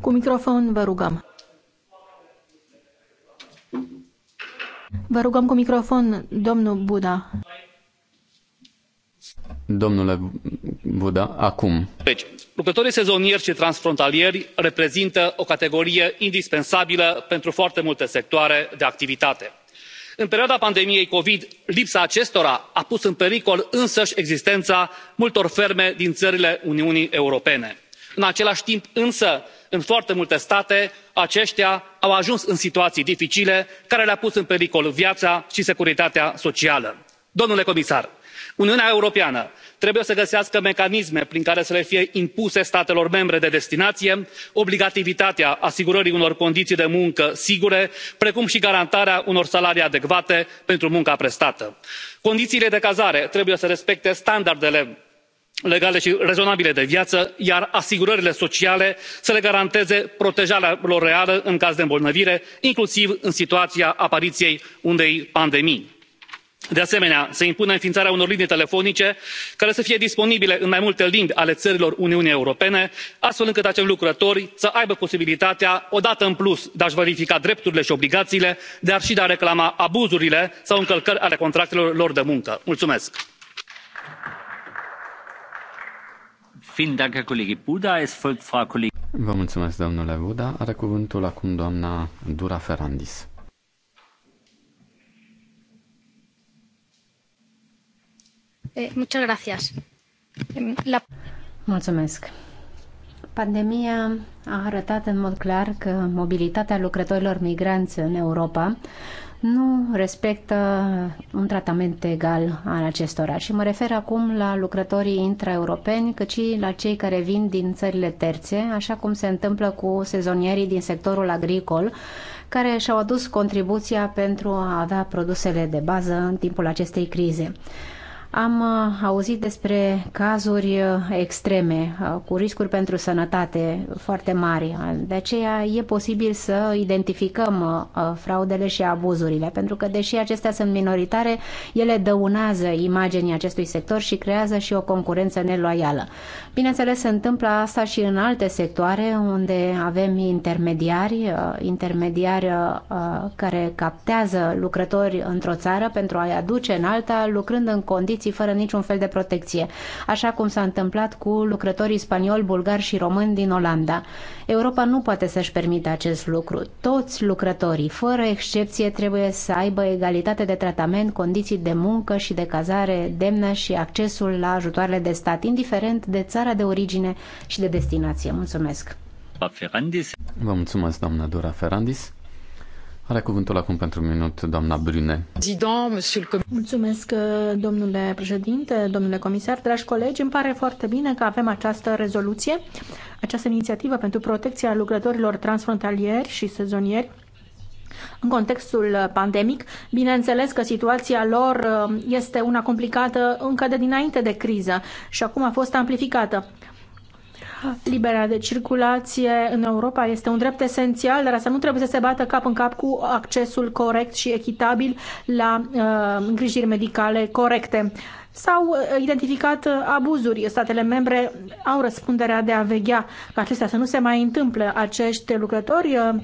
Cu microfon vă rugăm. Vă rugăm cu microfon, domnul Buda. Domnule Buda, acum. Deci, lucrătorii sezonieri și transfrontalieri reprezintă o categorie indispensabilă pentru foarte multe sectoare de activitate. În perioada pandemiei COVID, lipsa acestora a pus în pericol însăși existența multor ferme din țările Uniunii Europene. În același timp, însă, în foarte multe state aceștia au ajuns în situații dificile care le au pus în pericol viața și securitatea socială. domnule comisar uniunea europeană trebuie să găsească mecanisme prin care să le fie impuse statelor membre de destinație obligativitatea asigurării unor condiții de muncă sigure precum și garantarea unor salarii adecvate pentru munca prestată. condițiile de cazare trebuie să respecte standardele legale și rezonabile de viață iar asigurările sociale să le garanteze protejarea lor reală în caz de îmbolnăvire inclusiv în situația apariției unei pandemii. de asemenea se impune înființarea unor linii telefonice care să fie disponibile în mai multe limbi ale țărilor uniunii europene astfel încât acești lucrători să aibă posibilitatea o dată în plus de a și verifica drepturile și obligațiile dar și de a reclama abuzurile sau încălcări ale contractelor lor de muncă. mulțumesc. Vă mulțumesc, domnule Buda. Are cuvântul acum doamna Dura Ferrandis. Eh, mulțumesc. Pandemia a arătat în mod clar că mobilitatea lucrătorilor migranți în Europa nu respectă un tratament egal al acestora. Și mă refer acum la lucrătorii intraeuropeni, cât și la cei care vin din țările terțe, așa cum se întâmplă cu sezonierii din sectorul agricol, care și-au adus contribuția pentru a avea produsele de bază în timpul acestei crize. Am uh, auzit despre cazuri uh, extreme uh, cu riscuri pentru sănătate foarte mari. De aceea e posibil să identificăm fraudele și abuzurile, pentru că deși acestea sunt minoritare, ele dăunează imaginii acestui sector și creează și o concurență neloială. Bineînțeles, se întâmplă asta și în alte sectoare unde avem intermediari, intermediari care captează lucrători într-o țară pentru a-i aduce în alta, lucrând în condiții alții fără niciun fel de protecție, așa cum s-a întâmplat cu lucrătorii spanioli, bulgari și români din Olanda. Europa nu poate să-și permită acest lucru. Toți lucrătorii, fără excepție, trebuie să aibă egalitate de tratament, condiții de muncă și de cazare demnă și accesul la ajutoarele de stat, indiferent de țara de origine și de destinație. Mulțumesc! Vă mulțumesc, doamna Dora Ferrandis. Are cuvântul acum pentru un minut doamna Brune. Mulțumesc, domnule președinte, domnule comisar, dragi colegi. Îmi pare foarte bine că avem această rezoluție, această inițiativă pentru protecția lucrătorilor transfrontalieri și sezonieri în contextul pandemic. Bineînțeles că situația lor uh, este una complicată încă de dinainte de criză și acum a fost amplificată. Libera de circulație în Europa este un drept esențial, dar asta nu trebuie să se bată cap în cap cu accesul corect și echitabil la uh, îngrijiri medicale corecte. S-au uh, identificat uh, abuzuri. Statele membre au răspunderea de a veghea ca acestea să nu se mai întâmple. Acești lucrători uh,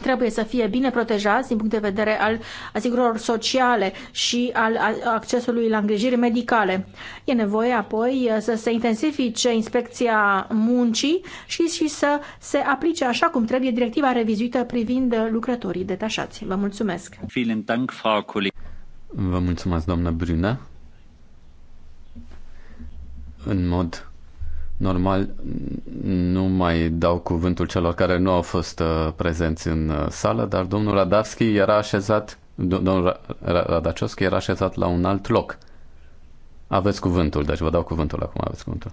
trebuie să fie bine protejați din punct de vedere al asigurărilor sociale și al accesului la îngrijiri medicale. E nevoie apoi uh, să se intensifice inspecția muncii și, și să se aplice așa cum trebuie directiva revizuită privind uh, lucrătorii detașați. Vă mulțumesc! Vă mulțumesc, doamnă Bruna. În mod Normal, nu mai dau cuvântul celor care nu au fost uh, prezenți în uh, sală, dar domnul Radavski era așezat, domnul Radacioschi era așezat la un alt loc. Aveți cuvântul, deci vă dau cuvântul acum, aveți cuvântul.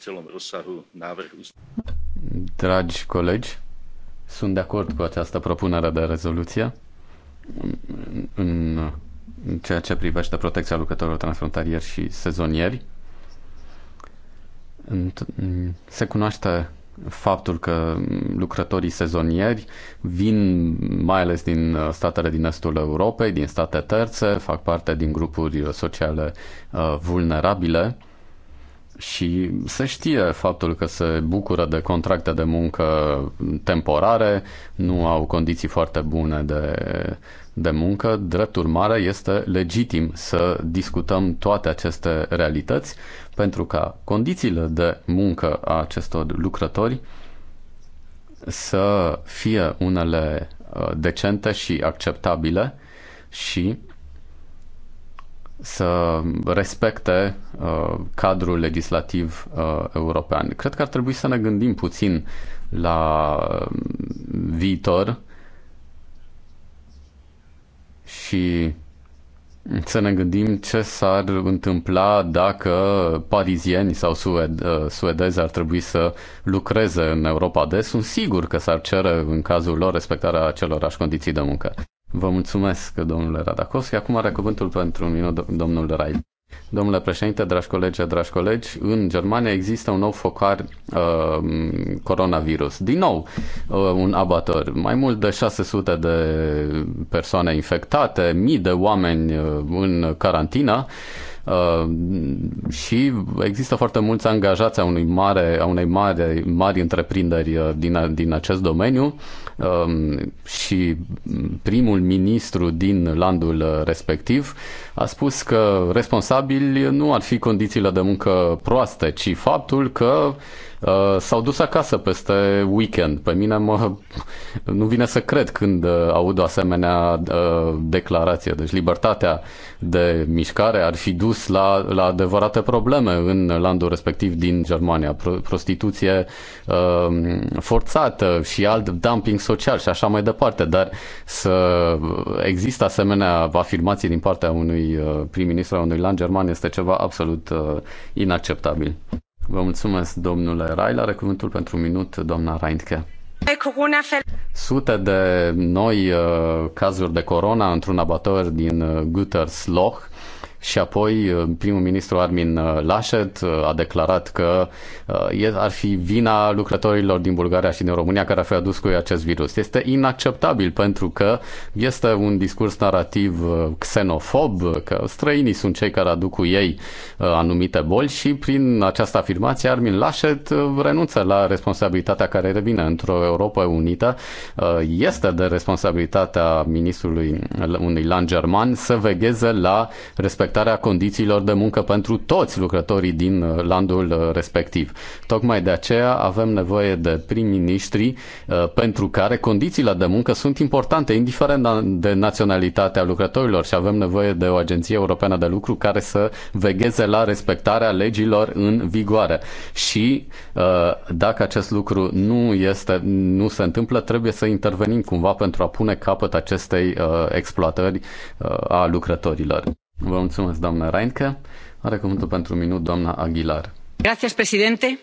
celom Dragi colegi, sunt de acord cu această propunere de rezoluție în, în ceea ce privește protecția lucrătorilor transfrontalieri și sezonieri. Se cunoaște faptul că lucrătorii sezonieri vin mai ales din statele din estul Europei, din state terțe, fac parte din grupuri sociale uh, vulnerabile și se știe faptul că se bucură de contracte de muncă temporare, nu au condiții foarte bune de, de muncă. Drept urmare, este legitim să discutăm toate aceste realități pentru ca condițiile de muncă a acestor lucrători să fie unele uh, decente și acceptabile și să respecte uh, cadrul legislativ uh, european. Cred că ar trebui să ne gândim puțin la uh, viitor și să ne gândim ce s-ar întâmpla dacă parizieni sau sued, uh, suedezi ar trebui să lucreze în Europa de. Sunt sigur că s-ar cere în cazul lor respectarea acelorași condiții de muncă. Vă mulțumesc, domnule Radacovski. Acum are cuvântul pentru un minut domnul Rai. Domnule președinte, dragi colegi, dragi colegi, în Germania există un nou focar uh, coronavirus. Din nou, uh, un abator. Mai mult de 600 de persoane infectate, mii de oameni uh, în carantină. Uh, și există foarte mulți angajați a unui mare, a unei mari, mari întreprinderi uh, din, din acest domeniu. Uh, Um, și primul ministru din landul respectiv a spus că responsabili nu ar fi condițiile de muncă proaste, ci faptul că Uh, s-au dus acasă peste weekend. Pe mine mă, nu vine să cred când uh, aud o asemenea uh, declarație. Deci libertatea de mișcare ar fi dus la, la adevărate probleme în landul respectiv din Germania. Pro- prostituție uh, forțată și alt dumping social și așa mai departe. Dar să există asemenea afirmații din partea unui uh, prim-ministru al unui land german este ceva absolut uh, inacceptabil. Vă mulțumesc, domnule Rai. La cuvântul pentru un minut, doamna Reintke. Sute de noi uh, cazuri de corona într-un abator din uh, Gütersloh și apoi uh, primul ministru Armin uh, Laschet uh, a declarat că ar fi vina lucrătorilor din Bulgaria și din România care ar fi adus cu ei acest virus. Este inacceptabil pentru că este un discurs narrativ xenofob, că străinii sunt cei care aduc cu ei anumite boli și prin această afirmație Armin Laschet renunță la responsabilitatea care revine într-o Europa unită. Este de responsabilitatea ministrului unui land german să vegheze la respect respectarea condițiilor de muncă pentru toți lucrătorii din uh, landul uh, respectiv. Tocmai de aceea avem nevoie de prim-ministri uh, pentru care condițiile de muncă sunt importante, indiferent de naționalitatea lucrătorilor și avem nevoie de o agenție europeană de lucru care să vegheze la respectarea legilor în vigoare. Și dacă acest lucru nu, este, nu se întâmplă, trebuie să intervenim cumva pentru a pune capăt acestei exploatări a lucrătorilor. Vă mulțumesc, doamna Reinke. Are cuvântul pentru un minut doamna Aguilar. Gracias, președinte.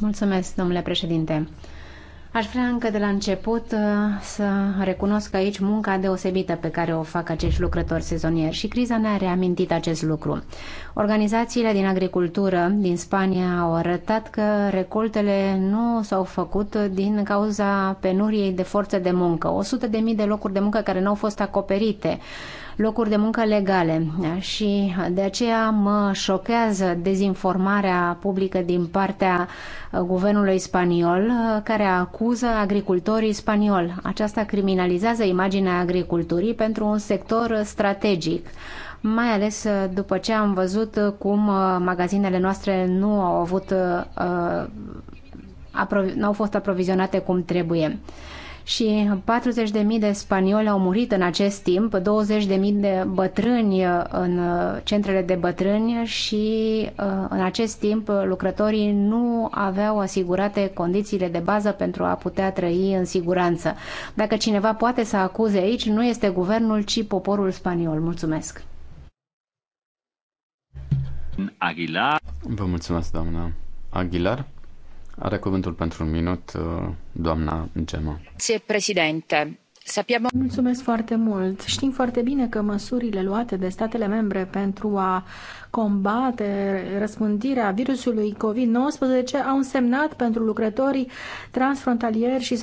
Mulțumesc, domnule președinte. Aș vrea încă de la început uh, să recunosc aici munca deosebită pe care o fac acești lucrători sezonieri și criza ne-a reamintit acest lucru. Organizațiile din agricultură din Spania au arătat că recoltele nu s-au făcut din cauza penuriei de forță de muncă. 100.000 de mii de locuri de muncă care nu au fost acoperite locuri de muncă legale și de aceea mă șochează dezinformarea publică din partea guvernului spaniol care acuză agricultorii spanioli. Aceasta criminalizează imaginea agriculturii pentru un sector strategic mai ales după ce am văzut cum magazinele noastre nu au avut uh, n-au fost aprovizionate cum trebuie și 40.000 de spanioli au murit în acest timp, 20.000 de bătrâni în centrele de bătrâni și uh, în acest timp lucrătorii nu aveau asigurate condițiile de bază pentru a putea trăi în siguranță. Dacă cineva poate să acuze aici, nu este guvernul, ci poporul spaniol. Mulțumesc! Aguilar. Vă mulțumesc, doamna Aguilar. Are cuvântul pentru un minut uh, doamna Gemma. Ție, președinte. Sapiamo... Mulțumesc foarte mult. Știm foarte bine că măsurile luate de statele membre pentru a combate răspândirea virusului COVID-19 au însemnat pentru lucrătorii transfrontalieri și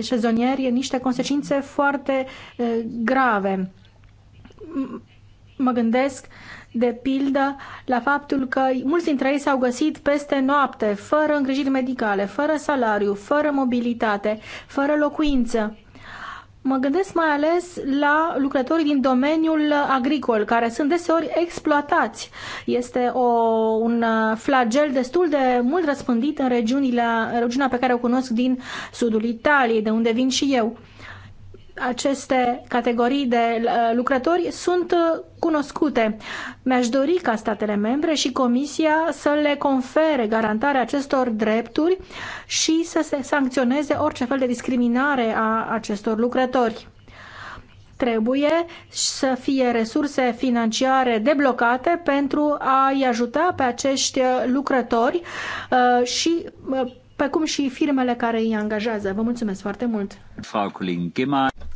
sezonieri niște consecințe foarte eh, grave. Mă gândesc de pildă la faptul că mulți dintre ei s-au găsit peste noapte, fără îngrijiri medicale, fără salariu, fără mobilitate, fără locuință. Mă gândesc mai ales la lucrătorii din domeniul agricol, care sunt deseori exploatați. Este o, un flagel destul de mult răspândit în regiunile, regiunea pe care o cunosc din sudul Italiei, de unde vin și eu aceste categorii de uh, lucrători sunt uh, cunoscute. Mi-aș dori ca statele membre și Comisia să le confere garantarea acestor drepturi și să se sancționeze orice fel de discriminare a acestor lucrători trebuie să fie resurse financiare deblocate pentru a-i ajuta pe acești lucrători uh, și cum și firmele care îi angajează. Vă mulțumesc foarte mult!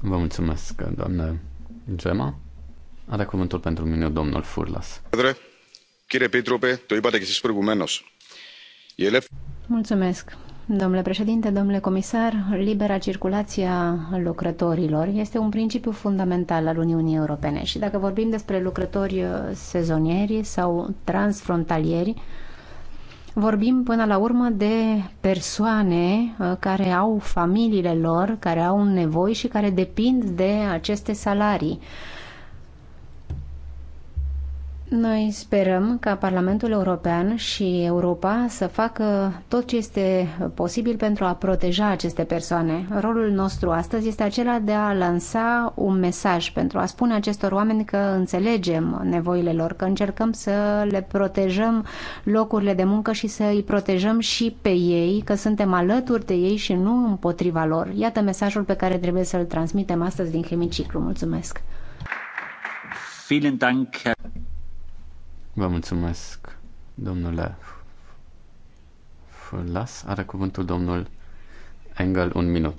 Vă mulțumesc, doamnă Gemma. Are cuvântul pentru mine domnul Furlas. Mulțumesc. Domnule președinte, domnule comisar, libera circulație a lucrătorilor este un principiu fundamental al Uniunii Europene și dacă vorbim despre lucrători sezonieri sau transfrontalieri, Vorbim până la urmă de persoane uh, care au familiile lor, care au nevoi și care depind de aceste salarii. Noi sperăm ca Parlamentul European și Europa să facă tot ce este posibil pentru a proteja aceste persoane. Rolul nostru astăzi este acela de a lansa un mesaj pentru a spune acestor oameni că înțelegem nevoile lor, că încercăm să le protejăm locurile de muncă și să îi protejăm și pe ei, că suntem alături de ei și nu împotriva lor. Iată mesajul pe care trebuie să-l transmitem astăzi din hemiciclu. Mulțumesc! Vielen Dank, Herr Vă mulțumesc, domnule Las. Are cuvântul domnul Engel un minut.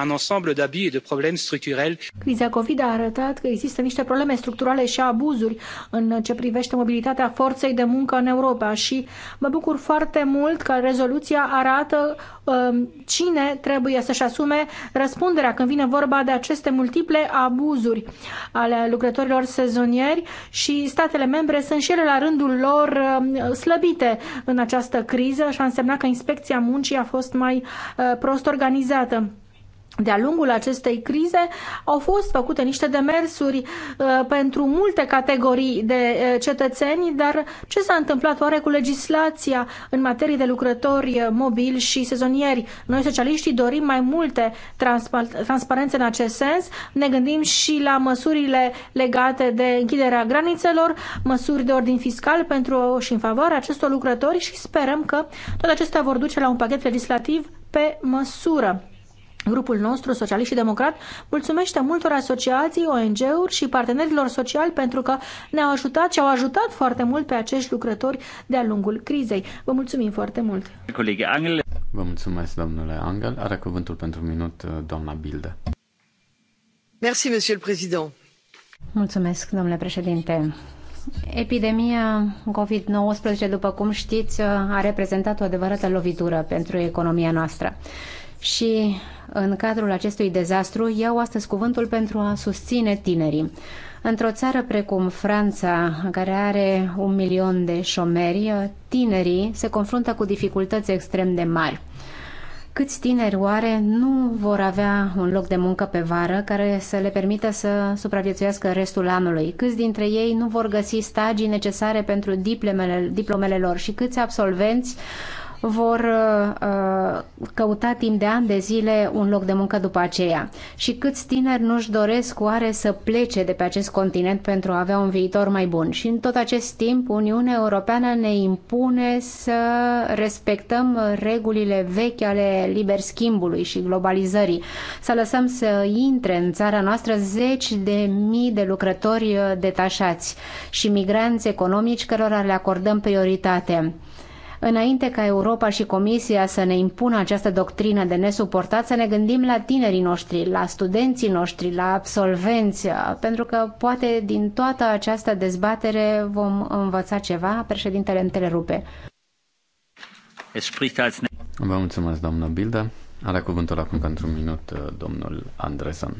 Un ensemble d'abus et de problèmes structurels. Criza COVID a arătat că există niște probleme structurale și abuzuri în ce privește mobilitatea forței de muncă în Europa și mă bucur foarte mult că rezoluția arată Um, cine trebuie să-și asume răspunderea când vine vorba de aceste multiple abuzuri ale lucrătorilor sezonieri și statele membre sunt și ele la rândul lor um, slăbite în această criză și a însemnat că inspecția muncii a fost mai uh, prost organizată de-a lungul acestei crize au fost făcute niște demersuri uh, pentru multe categorii de uh, cetățeni, dar ce s-a întâmplat oare cu legislația în materie de lucrători uh, mobili și sezonieri? Noi, socialiștii, dorim mai multe transpar transparențe în acest sens. Ne gândim și la măsurile legate de închiderea granițelor, măsuri de ordin fiscal pentru și în favoarea acestor lucrători și sperăm că toate acestea vor duce la un pachet legislativ pe măsură Grupul nostru, Socialist și Democrat, mulțumește multor asociații, ONG-uri și partenerilor sociali pentru că ne-au ajutat și au ajutat foarte mult pe acești lucrători de-a lungul crizei. Vă mulțumim foarte mult! Vă mulțumesc, domnule Angel. Are cuvântul pentru un minut uh, doamna Bilde. Merci, monsieur le président. Mulțumesc, domnule președinte. Epidemia COVID-19, după cum știți, uh, a reprezentat o adevărată lovitură pentru economia noastră și în cadrul acestui dezastru iau astăzi cuvântul pentru a susține tinerii. Într-o țară precum Franța, care are un milion de șomeri, tinerii se confruntă cu dificultăți extrem de mari. Câți tineri oare nu vor avea un loc de muncă pe vară care să le permită să supraviețuiască restul anului? Câți dintre ei nu vor găsi stagii necesare pentru diplomele, diplomele lor și câți absolvenți vor uh, căuta timp de ani de zile un loc de muncă după aceea. Și câți tineri nu-și doresc oare să plece de pe acest continent pentru a avea un viitor mai bun. Și în tot acest timp, Uniunea Europeană ne impune să respectăm regulile vechi ale liber schimbului și globalizării. Să lăsăm să intre în țara noastră zeci de mii de lucrători uh, detașați și migranți economici cărora le acordăm prioritate. Înainte ca Europa și Comisia să ne impună această doctrină de nesuportat, să ne gândim la tinerii noștri, la studenții noștri, la absolvenți, pentru că poate din toată această dezbatere vom învăța ceva. Președintele întrerupe. Vă mulțumesc, doamnă Bilda. Are cuvântul acum pentru un minut domnul Andresan.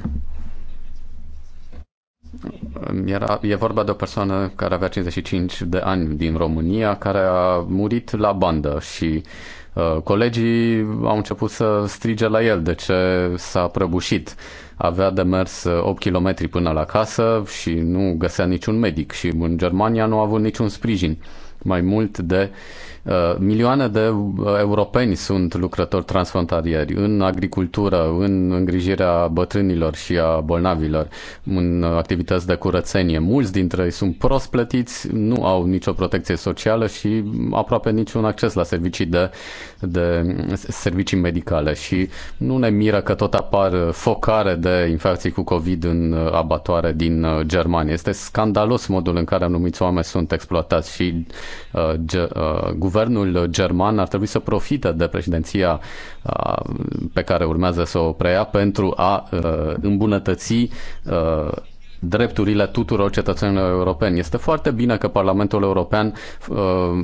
Era, e vorba de o persoană care avea 55 de ani din România, care a murit la bandă și uh, colegii au început să strige la el de ce s-a prăbușit. Avea de mers 8 uh, km până la casă și nu găsea niciun medic și în Germania nu a avut niciun sprijin. Uh, mai mult de uh, milioane de uh, europeni sunt lucrători transfrontalieri în agricultură, în îngrijirea bătrânilor și a bolnavilor, în activități de curățenie. Mulți dintre ei sunt prost plătiți, nu au nicio protecție socială și aproape niciun acces la servicii de, de servicii medicale și nu ne miră că tot apar focare de infecții cu COVID în abatoare din uh, Germania. Este scandalos modul în care anumiți oameni sunt exploatați și Uh, uh, guvernul german ar trebui să profite de președinția uh, pe care urmează să o preia pentru a îmbunătăți drepturile tuturor cetățenilor europeni. Este foarte bine că Parlamentul European uh,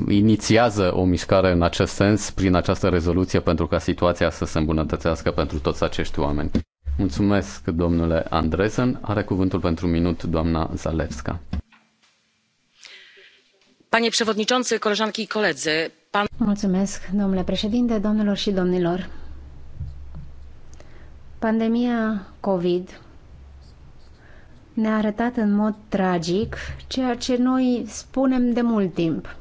inițiază o mișcare în acest sens prin această rezoluție pentru ca situația să se îmbunătățească pentru toți acești oameni. Mulțumesc, domnule Andresen. Are cuvântul pentru minut doamna Zalewska. Panie przewodniczący, koleżanki i koledzy, pan... Mulțumesc, domnule președinte, domnilor și domnilor. Pandemia COVID ne-a arătat în mod tragic ceea ce noi spunem de mult timp.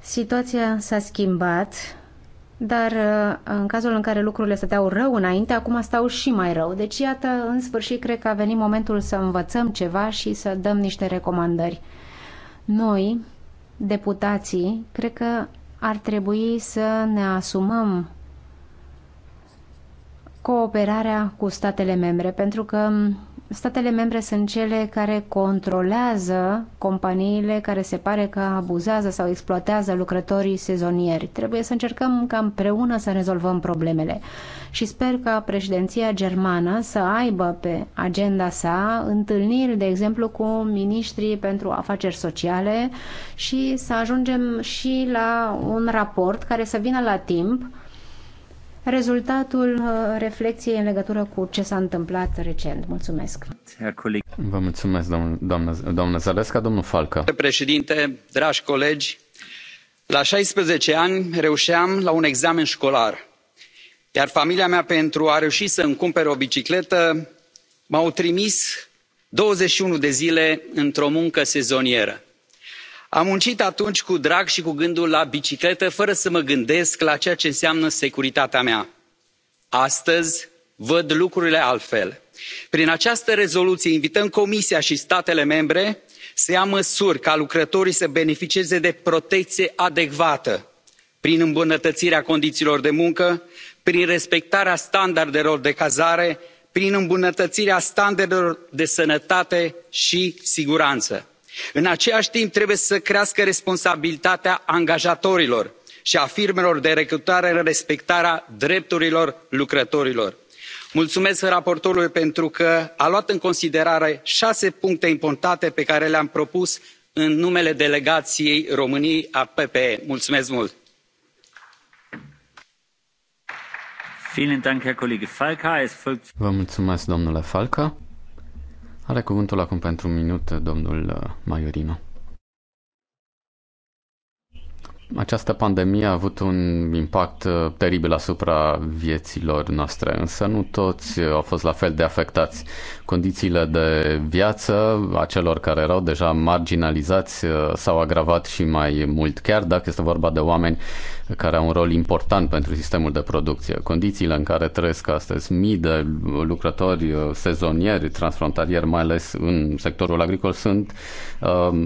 Situația s-a schimbat, dar uh, în cazul în care lucrurile stăteau rău înainte, acum stau și mai rău. Deci, iată, în sfârșit, cred că a venit momentul să învățăm ceva și să dăm niște recomandări. Noi, deputații, cred că ar trebui să ne asumăm cooperarea cu statele membre, pentru că statele membre sunt cele care controlează companiile care se pare că abuzează sau exploatează lucrătorii sezonieri. Trebuie să încercăm ca împreună să rezolvăm problemele și sper că președinția germană să aibă pe agenda sa întâlniri, de exemplu, cu ministrii pentru afaceri sociale și să ajungem și la un raport care să vină la timp rezultatul uh, reflexiei în legătură cu ce s-a întâmplat recent. Mulțumesc. Vă mulțumesc, doamnă, Zalesca, domnul Falcă. Președinte, dragi colegi, la 16 ani reușeam la un examen școlar, iar familia mea pentru a reuși să îmi cumpere o bicicletă m-au trimis 21 de zile într-o muncă sezonieră am muncit atunci cu drag și cu gândul la bicicletă fără să mă gândesc la ceea ce înseamnă securitatea mea. astăzi văd lucrurile altfel. prin această rezoluție invităm comisia și statele membre să ia măsuri ca lucrătorii să beneficieze de protecție adecvată prin îmbunătățirea condițiilor de muncă prin respectarea standardelor de cazare prin îmbunătățirea standardelor de sănătate și siguranță în același timp trebuie să crească responsabilitatea angajatorilor și a firmelor de recrutare în respectarea drepturilor lucrătorilor. mulțumesc raportorului pentru că a luat în considerare șase puncte importante pe care le am propus în numele delegației româniei a ppe. mulțumesc mult! mulțumesc domnule falca. Are cuvântul acum pentru un minut domnul uh, Maiorino. Această pandemie a avut un impact uh, teribil asupra vieților noastre, însă nu toți uh, au fost la fel de afectați. Condițiile de viață a celor care erau deja marginalizați s-au agravat și mai mult, chiar dacă este vorba de oameni care au un rol important pentru sistemul de producție. Condițiile în care trăiesc astăzi mii de lucrători uh, sezonieri, transfrontalieri, mai ales în sectorul agricol, sunt uh,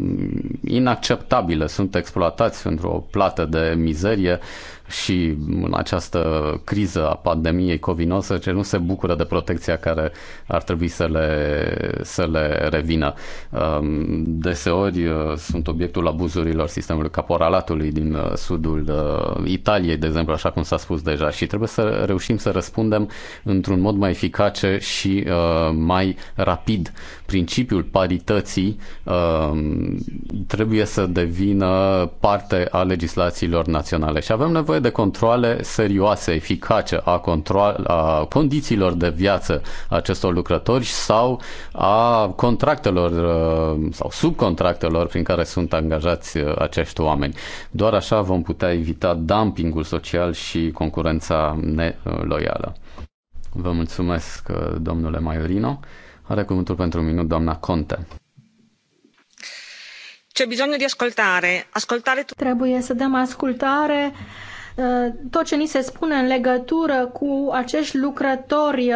inacceptabile, sunt exploatați într-o plată de mizerie și în această criză a pandemiei COVID-19 ce nu se bucură de protecția care ar trebui să le, să le revină. Um, deseori uh, sunt obiectul abuzurilor sistemului caporalatului din uh, sudul uh, Italiei, de exemplu, așa cum s-a spus deja, și trebuie să reușim să răspundem într-un mod mai eficace și mai rapid principiul parității um, trebuie să devină parte a legislațiilor naționale și avem nevoie de controle serioase, eficace a, control, a condițiilor de viață a acestor lucrători sau a contractelor um, sau subcontractelor prin care sunt angajați uh, acești oameni. Doar așa vom putea evita dumpingul social și concurența neloială. Vă mulțumesc, uh, domnule Maiorino. Are cuvântul pentru un minut doamna Conte. Ce bisogno de ascoltare. Ascoltare Trebuie să dăm ascultare uh, tot ce ni se spune în legătură cu acești lucrători uh,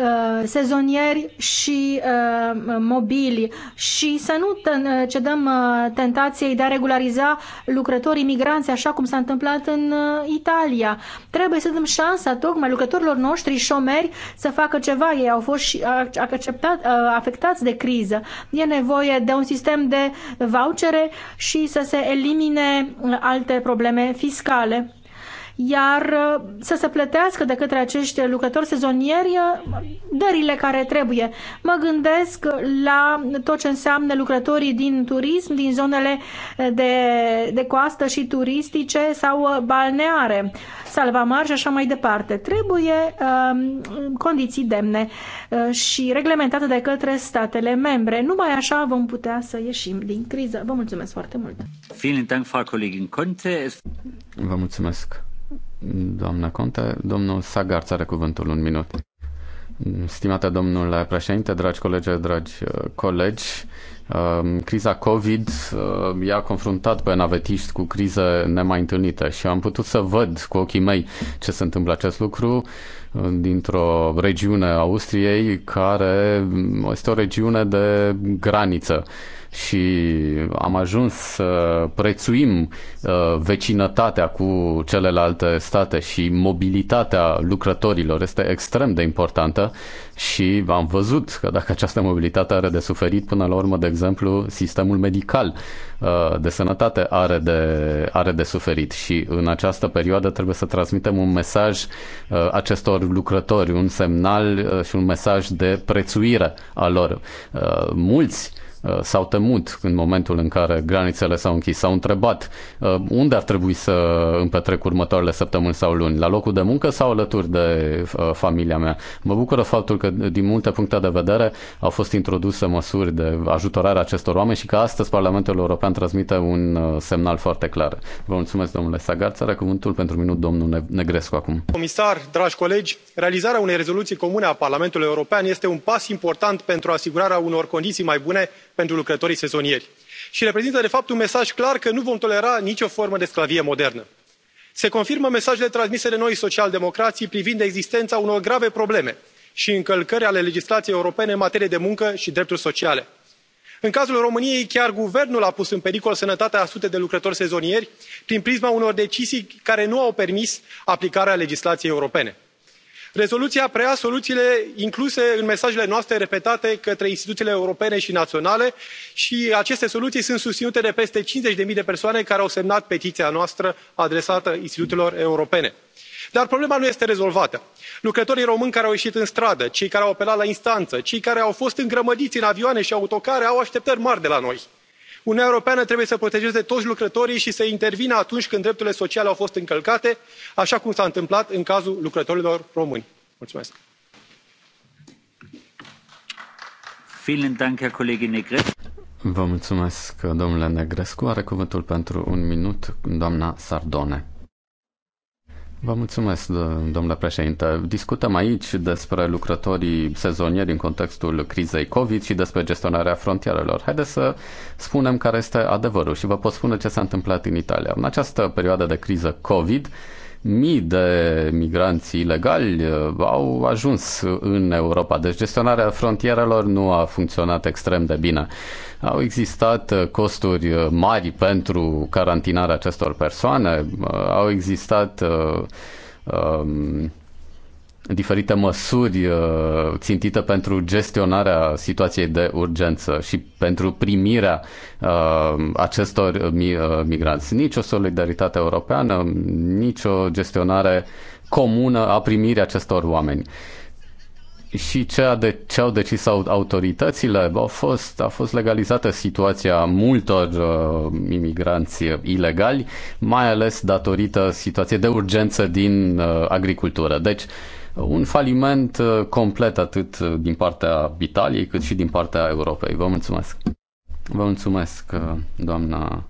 Uh, sezonieri și uh, mobili și să nu uh, cedăm tentației de a regulariza lucrătorii migranți așa cum s-a întâmplat în Italia. Trebuie să dăm șansa tocmai lucrătorilor noștri șomeri să facă ceva. Ei au fost și acceptat, afectați de criză. E nevoie de un sistem de vouchere și să se elimine alte probleme fiscale iar uh, să se plătească de către acești lucrători sezonieri uh, dările care trebuie. Mă gândesc la tot ce înseamnă lucrătorii din turism, din zonele de, de coastă și turistice sau uh, balneare, salvamar și așa mai departe. Trebuie um, condiții demne și reglementate de către statele membre. Numai așa vom putea să ieșim din criză. Vă mulțumesc foarte mult! Vă mulțumesc! Doamna Conte, domnul Sagar are cuvântul un minut. Stimate domnule președinte, dragi colegi, dragi uh, colegi, um, criza COVID uh, i-a confruntat pe navetiști cu crize nemai întâlnite și am putut să văd cu ochii mei ce se întâmplă acest lucru uh, dintr-o regiune a Austriei care um, este o regiune de graniță și am ajuns să prețuim uh, vecinătatea cu celelalte state și mobilitatea lucrătorilor este extrem de importantă și am văzut că dacă această mobilitate are de suferit, până la urmă, de exemplu, sistemul medical uh, de sănătate are de, are de suferit și în această perioadă trebuie să transmitem un mesaj uh, acestor lucrători, un semnal și un mesaj de prețuire a lor. Mulți Uh, s-au temut în momentul în care granițele s-au închis, s-au întrebat uh, unde ar trebui să împetrec următoarele săptămâni sau luni, la locul de muncă sau alături de uh, familia mea. Mă bucură faptul că din multe puncte de vedere au fost introduse măsuri de ajutorare a acestor oameni și că astăzi Parlamentul European transmite un semnal foarte clar. Vă mulțumesc, domnule Sagar. Țara cuvântul pentru minut, domnul Negrescu, acum. Comisar, dragi colegi, realizarea unei rezoluții comune a Parlamentului European este un pas important pentru asigurarea unor condiții mai bune pentru lucrătorii sezonieri și reprezintă de fapt un mesaj clar că nu vom tolera nicio formă de sclavie modernă. se confirmă mesajele transmise de noi social democrații privind existența unor grave probleme și încălcări ale legislației europene în materie de muncă și drepturi sociale. în cazul româniei chiar guvernul a pus în pericol sănătatea a sute de lucrători sezonieri prin prisma unor decizii care nu au permis aplicarea legislației europene rezoluția preia soluțiile incluse în mesajele noastre repetate către instituțiile europene și naționale și aceste soluții sunt susținute de peste cincizeci zero de persoane care au semnat petiția noastră adresată instituțiilor europene. dar problema nu este rezolvată lucrătorii români care au ieșit în stradă cei care au apelat la instanță cei care au fost îngrămădiți în avioane și autocare au așteptări mari de la noi uniunea europeană trebuie să protejeze toți lucrătorii și să intervină atunci când drepturile sociale au fost încălcate așa cum s a întâmplat în cazul lucrătorilor români. mulțumesc. Vă mulțumesc, domnule Negrescu. Are cuvântul pentru un minut doamna Sardone. Vă mulțumesc, domnule președinte. Discutăm aici despre lucrătorii sezonieri în contextul crizei COVID și despre gestionarea frontierelor. Haideți să spunem care este adevărul și vă pot spune ce s-a întâmplat în Italia. În această perioadă de criză COVID, mii de migranți ilegali uh, au ajuns în Europa, deci gestionarea frontierelor nu a funcționat extrem de bine. Au existat uh, costuri uh, mari pentru carantinarea acestor persoane, uh, au existat um, diferite măsuri țintite pentru gestionarea situației de urgență și pentru primirea acestor migranți. Nici o solidaritate europeană, nicio gestionare comună a primirii acestor oameni și ceea de, ce au decis autoritățile au fost, a fost legalizată situația multor uh, imigranți ilegali, mai ales datorită situației de urgență din uh, agricultură. Deci, un faliment uh, complet atât din partea Italiei cât și din partea Europei. Vă mulțumesc! Vă mulțumesc, uh, doamna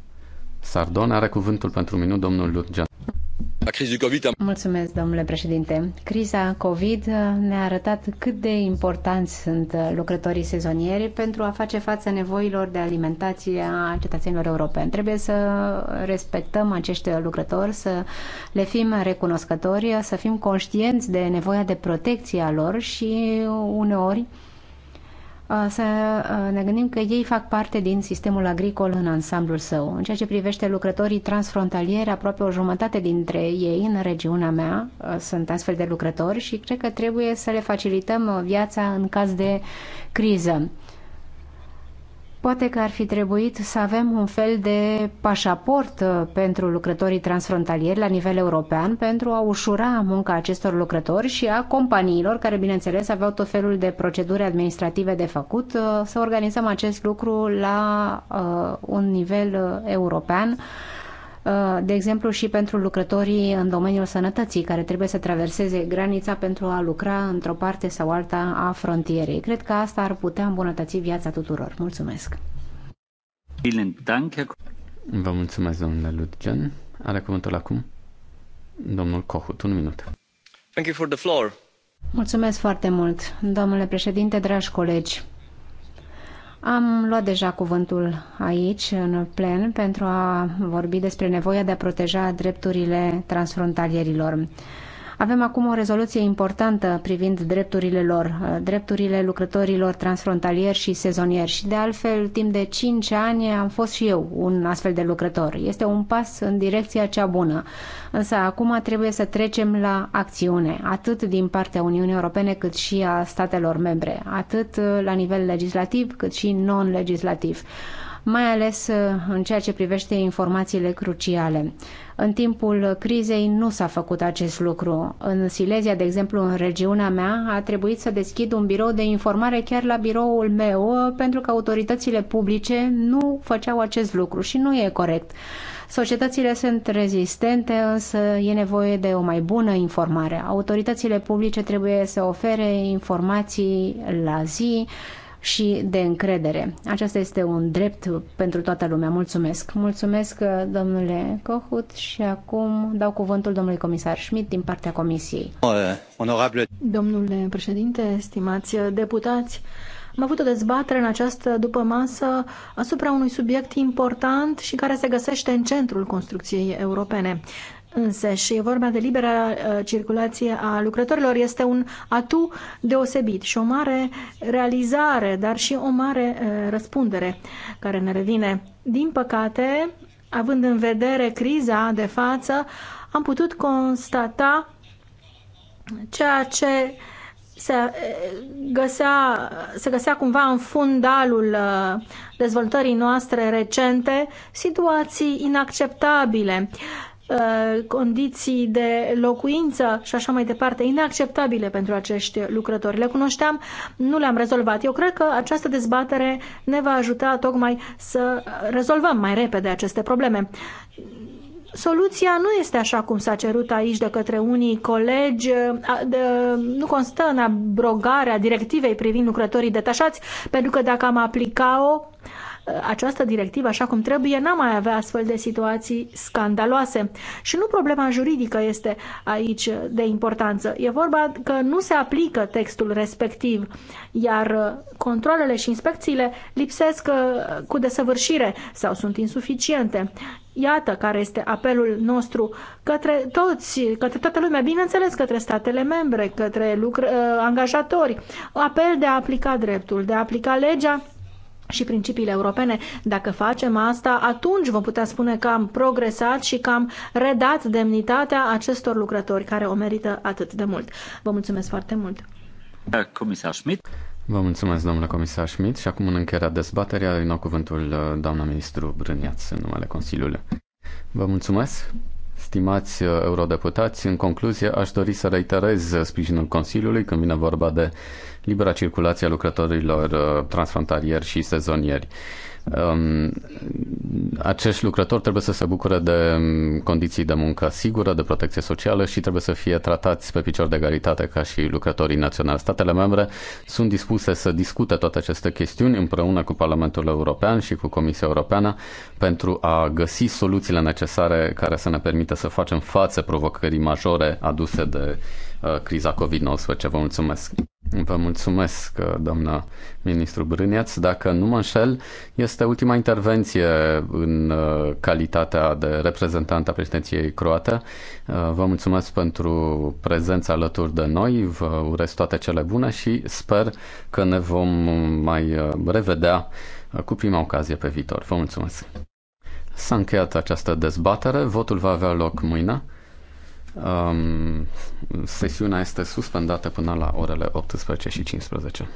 Sardon. Are cuvântul pentru minut domnul Lurgean. Mulțumesc, domnule președinte. Criza COVID ne-a arătat cât de importanți sunt lucrătorii sezonieri pentru a face față nevoilor de alimentație a cetățenilor europeni. Trebuie să respectăm acești lucrători, să le fim recunoscători, să fim conștienți de nevoia de protecție a lor și uneori Uh, să uh, ne gândim că ei fac parte din sistemul agricol în ansamblul său. În ceea ce privește lucrătorii transfrontalieri, aproape o jumătate dintre ei în regiunea mea uh, sunt astfel de lucrători și cred că trebuie să le facilităm viața în caz de criză. Poate că ar fi trebuit să avem un fel de pașaport uh, pentru lucrătorii transfrontalieri la nivel european pentru a ușura munca acestor lucrători și a companiilor care, bineînțeles, aveau tot felul de proceduri administrative de făcut, uh, să organizăm acest lucru la uh, un nivel european Uh, de exemplu și pentru lucrătorii în domeniul sănătății care trebuie să traverseze granița pentru a lucra într-o parte sau alta a frontierei. Cred că asta ar putea îmbunătăți viața tuturor. Mulțumesc! Vă mulțumesc, domnule Ludgen. Are cuvântul acum domnul Cohut. Un minut. Thank you for the floor. Mulțumesc foarte mult, domnule președinte, dragi colegi. Am luat deja cuvântul aici, în plen, pentru a vorbi despre nevoia de a proteja drepturile transfrontalierilor. Avem acum o rezoluție importantă privind drepturile lor, uh, drepturile lucrătorilor transfrontalieri și sezonieri și de altfel timp de 5 ani am fost și eu un astfel de lucrător. Este un pas în direcția cea bună, însă acum trebuie să trecem la acțiune, atât din partea Uniunii Europene cât și a statelor membre, atât uh, la nivel legislativ cât și non-legislativ mai ales uh, în ceea ce privește informațiile cruciale. În timpul crizei nu s-a făcut acest lucru. În Silesia, de exemplu, în regiunea mea, a trebuit să deschid un birou de informare chiar la biroul meu, uh, pentru că autoritățile publice nu făceau acest lucru și nu e corect. Societățile sunt rezistente, însă e nevoie de o mai bună informare. Autoritățile publice trebuie să ofere informații la zi, și de încredere. Aceasta este un drept pentru toată lumea. Mulțumesc! Mulțumesc, uh, domnule Cohut, și acum dau cuvântul domnului comisar Schmidt din partea Comisiei. Uh, onorable. Domnule președinte, stimați deputați, am avut o dezbatere în această după masă asupra unui subiect important și care se găsește în centrul construcției europene însăși. E vorba de libera uh, circulație a lucrătorilor. Este un atu deosebit și o mare realizare, dar și o mare uh, răspundere care ne revine. Din păcate, având în vedere criza de față, am putut constata ceea ce se uh, găsea, se găsea cumva în fundalul dezvoltării noastre recente, situații inacceptabile Uh, condiții de locuință și așa mai departe, inacceptabile pentru acești lucrători. Le cunoșteam, nu le-am rezolvat. Eu cred că această dezbatere ne va ajuta tocmai să rezolvăm mai repede aceste probleme. Soluția nu este așa cum s-a cerut aici de către unii colegi, nu constă în abrogarea directivei privind lucrătorii detașați, pentru că dacă am aplica-o, această directivă așa cum trebuie, n-am mai avea astfel de situații scandaloase. Și nu problema juridică este aici de importanță. E vorba că nu se aplică textul respectiv, iar controlele și inspecțiile lipsesc uh, cu desăvârșire sau sunt insuficiente. Iată care este apelul nostru către toți, către toată lumea, bineînțeles către statele membre, către lucr- uh, angajatori. Apel de a aplica dreptul, de a aplica legea și principiile europene. Dacă facem asta, atunci vom putea spune că am progresat și că am redat demnitatea acestor lucrători care o merită atât de mult. Vă mulțumesc foarte mult! Comisar Schmidt. Vă mulțumesc, domnule comisar Schmidt. Și acum, în încheierea dezbaterii, are din nou cuvântul uh, doamna ministru Brâniaț în numele Consiliului. Vă mulțumesc! Stimați uh, eurodeputați, în concluzie aș dori să reiterez uh, sprijinul Consiliului când vine vorba de libera circulație a lucrătorilor uh, transfrontalieri și sezonieri. Um, acești lucrători trebuie să se bucure de um, condiții de muncă sigură, de protecție socială și trebuie să fie tratați pe picior de egalitate ca și lucrătorii naționali. Statele membre sunt dispuse să discute toate aceste chestiuni împreună cu Parlamentul European și cu Comisia Europeană pentru a găsi soluțiile necesare care să ne permită să facem față provocării majore aduse de uh, criza COVID-19. Vă mulțumesc! Vă mulțumesc, doamna ministru Brâneț. Dacă nu mă înșel, este ultima intervenție în uh, calitatea de reprezentant a președinției croate. Uh, vă mulțumesc pentru prezența alături de noi, vă urez toate cele bune și sper că ne vom uh, mai revedea cu prima ocazie pe viitor. Vă mulțumesc! S-a încheiat această dezbatere, votul va avea loc mâine. Um, sesiunea este suspendată până la orele 18 și 15.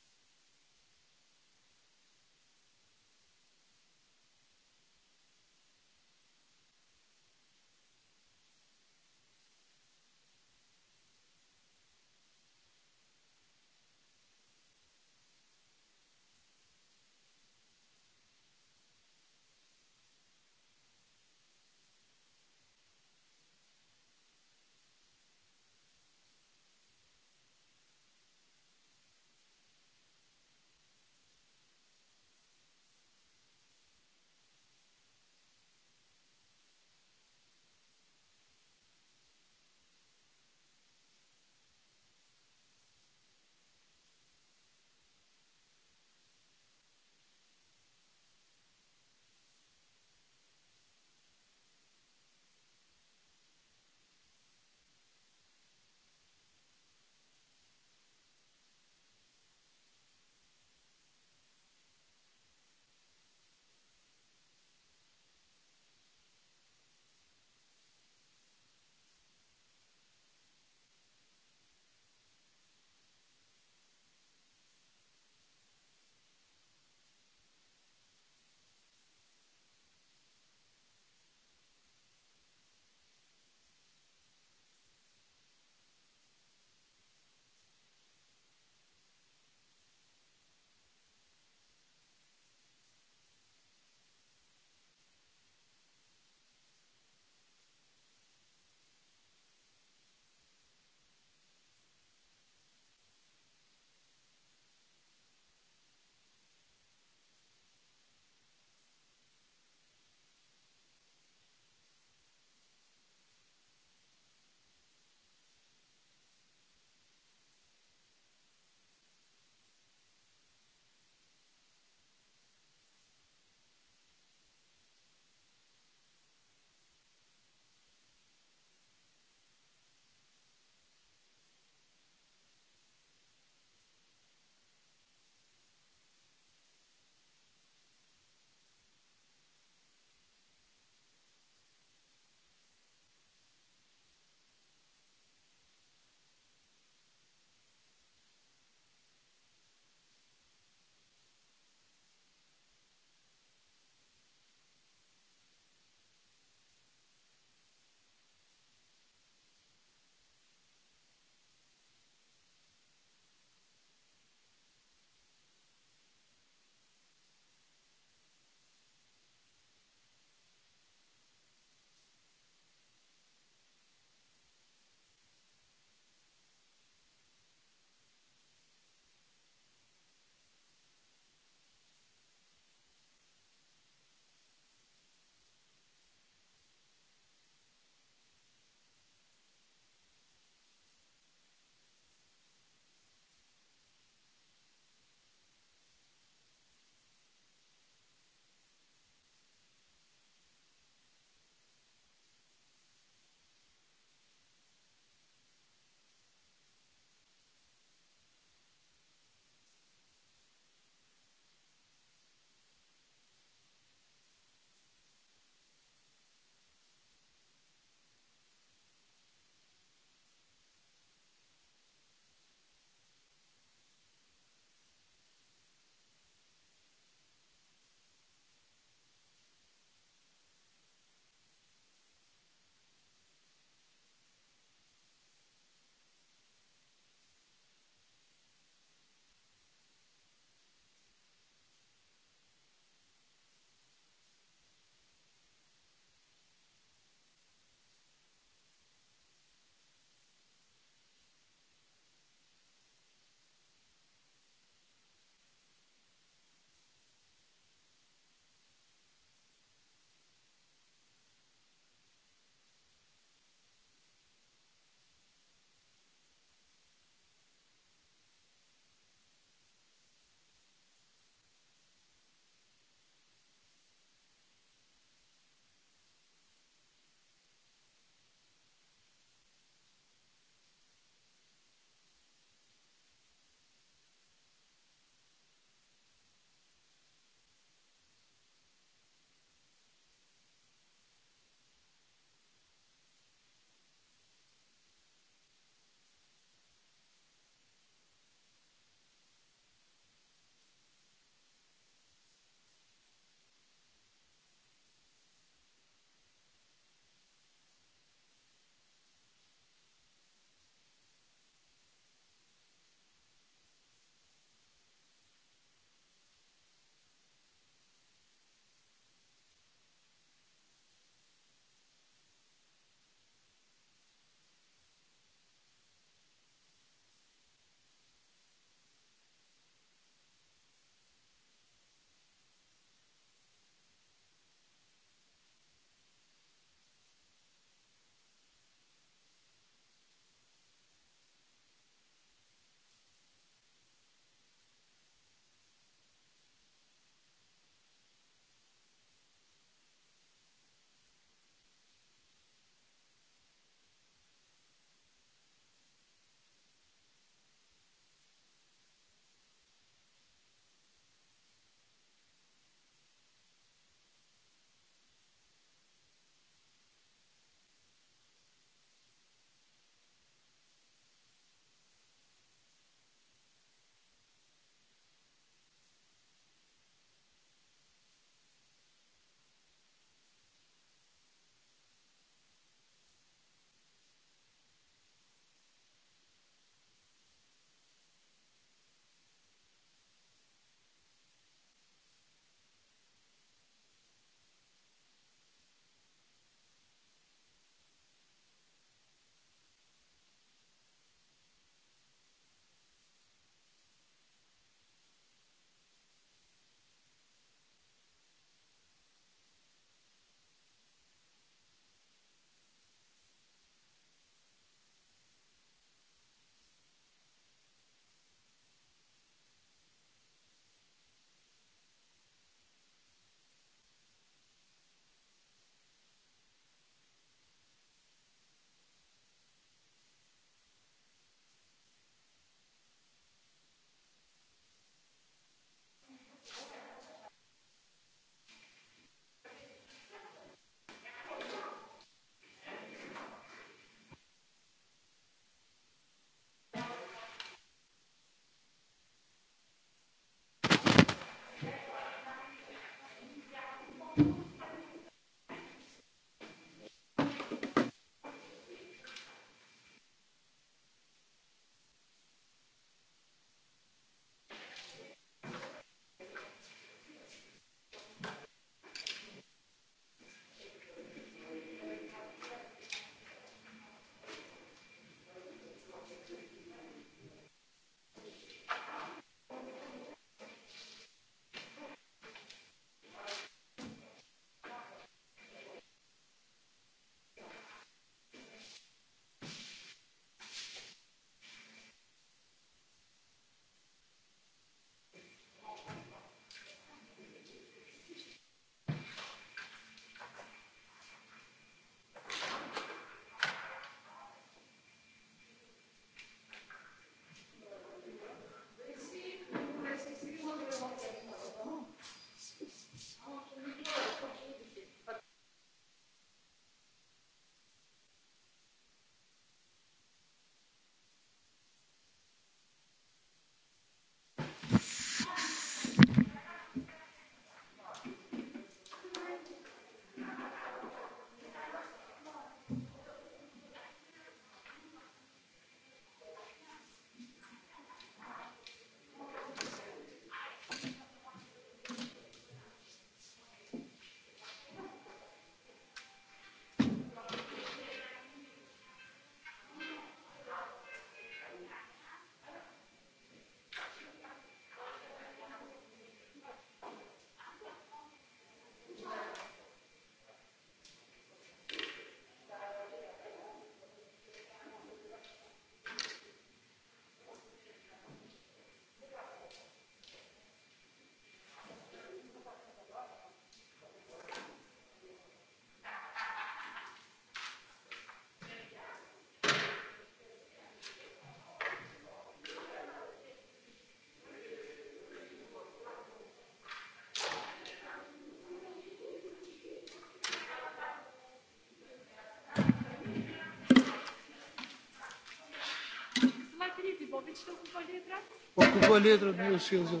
Ocupa a letra, meu senhor.